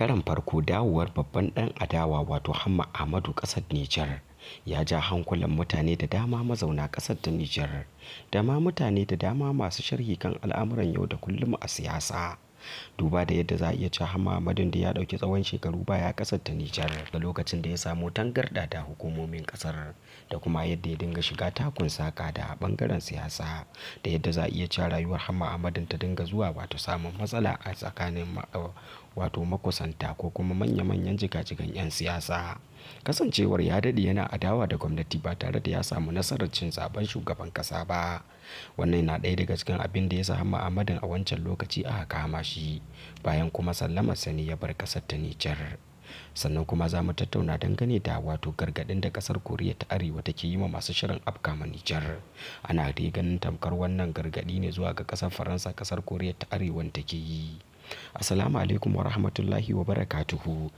karan farko dawowar babban ɗan adawa wato hamma ahmadu ƙasar nijar ya ja hankulan mutane da dama mazauna ƙasar ta nijar da ma mutane da dama masu sharhi kan al'amuran yau da kullum a siyasa Duba da yadda za a iya hama Hammadun da ya ɗauki tsawon shekaru baya kasar ta Nijar da lokacin da ya samu tangarɗa da hukumomin ƙasar da kuma yadda ya dinga shiga takun saka da bangaren siyasa da yadda za a iya ci rayuwar hama Hammadun ta dinga zuwa wato samun matsala a tsakanin wato makusanta ko kuma manya-manyan jigajigan 'yan siyasa. Kasancewar ya daɗe yana adawa da gwamnati ba tare da ya samu nasarar cin zaben shugaban ƙasa ba. Wannan na ɗaya daga cikin abin da ya sa Muhammadan a wancan lokaci aka kama shi bayan kuma sallama sani ya bar ƙasar ta Nijar. Sannan kuma za mu tattauna dangane da wato gargaɗin da ƙasar Koriya ta Arewa take yi ma masu shirin afka ma Nijar. Ana dai ganin tamkar wannan gargaɗi ne zuwa ga ƙasar Faransa ƙasar Koriya ta Arewa take yi. Assalamu alaikum wa rahmatullahi wa barakatuhu.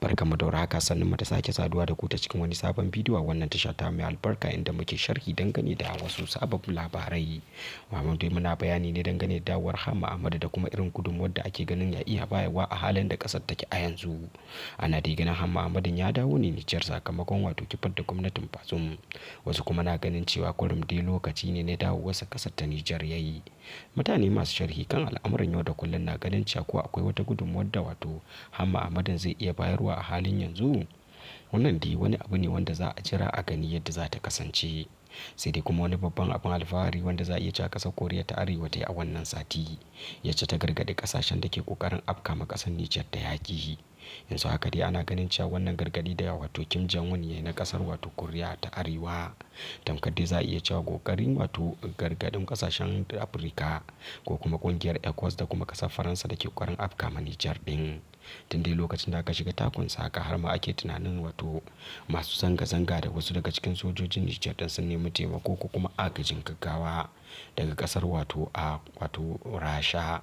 Barkamu da warhaka sannan mu sake saduwa da ku ta cikin wani sabon bidiyo a wannan tasha ta mai albarka inda muke sharhi dangane da wasu sababbin labarai. Muhammadu muna bayani ne dangane da dawar Hama Ahmad da kuma irin gudunmuwar da ake ganin ya iya bayarwa a halin da kasar take a yanzu. Ana dai ganin Hama Ahmad ya dawo ne Nijar sakamakon wato kifar da gwamnatin Fasum. Wasu kuma na ganin cewa kurum dai lokaci ne na dawo wasu kasar ta Nijar yayi. Mutane masu sharhi kan al'amuran yau da kullum na ganin sha ko akwai wata gudunmuwar da wato hamma amadan zai iya bayarwa a halin yanzu wannan dai wani abu ne wanda za a jira a gani yadda za ta kasance sai dai kuma wani babban abin alfahari wanda za a iya cewa ƙasar koriya ta arewa ta yi a wannan sati ya ce ta gargaɗi ƙasashen da ke ƙoƙarin ma ƙasar nijar da yaƙi Yanzu haka dai ana ganin cewa wannan gargadi da wato Kim Jong Un ya na kasar wato Koriya ta Arewa tamkar dai za a iya cewa ƙoƙarin wato gargadin ƙasashen Afirka ko kuma ƙungiyar ecos da kuma kasar Faransa da ke kwarin afka manijar din ɗin. Tun dai lokacin da aka shiga takun saƙa har ma ake tunanin wato masu zanga-zanga da wasu daga cikin sojojin Nijar din sun nemi taimako ko kuma agajin gaggawa daga kasar wato a wato Rasha.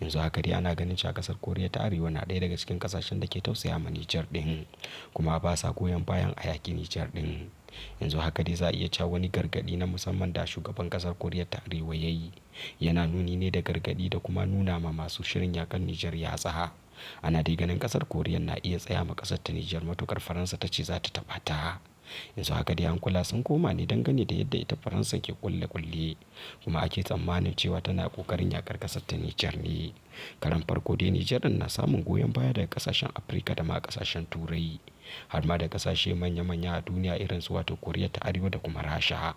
yanzu haka dai ana ganin cewa kasar koriya ta arewa na ɗaya daga cikin ƙasashen da ke tausaya ma nijar ɗin kuma ba sa goyon bayan a yaƙi nijar ɗin yanzu haka dai za a iya cewa wani gargaɗi na musamman da shugaban ƙasar koriya ta arewa ya yi yana nuni ne da gargaɗi da kuma nuna ma masu shirin yaƙan nijar ya tsaha ana dai ganin ƙasar koriya na iya tsaya ma ƙasar ta nijar matukar faransa ta ce za ta taɓa ta yanzu haka dai kula sun koma ne dangane da yadda ita faransa ke kulle-kulle kuma ake tsammanin cewa tana kokarin yakar kasar ta nijar ne karan farko dai nijar na samun goyon baya daga kasashen afirka da ma kasashen turai har ma da kasashe manya-manya a duniya irin su wato koriya ta arewa da kuma rasha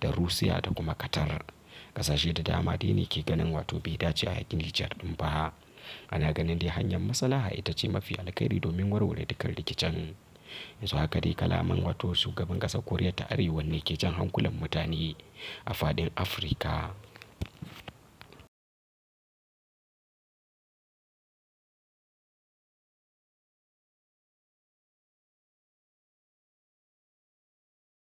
da rusiya da kuma katar kasashe da dama dai ne ke ganin wato bai dace a yakin nijar din ba ana ganin dai hanyar masalaha ita ce mafi alkhairi domin warware dukkan rikicin yanzu haka dai kalaman wato shugaban ƙasar koriya ta arewa ne ke jan hankulan mutane a faɗin afirka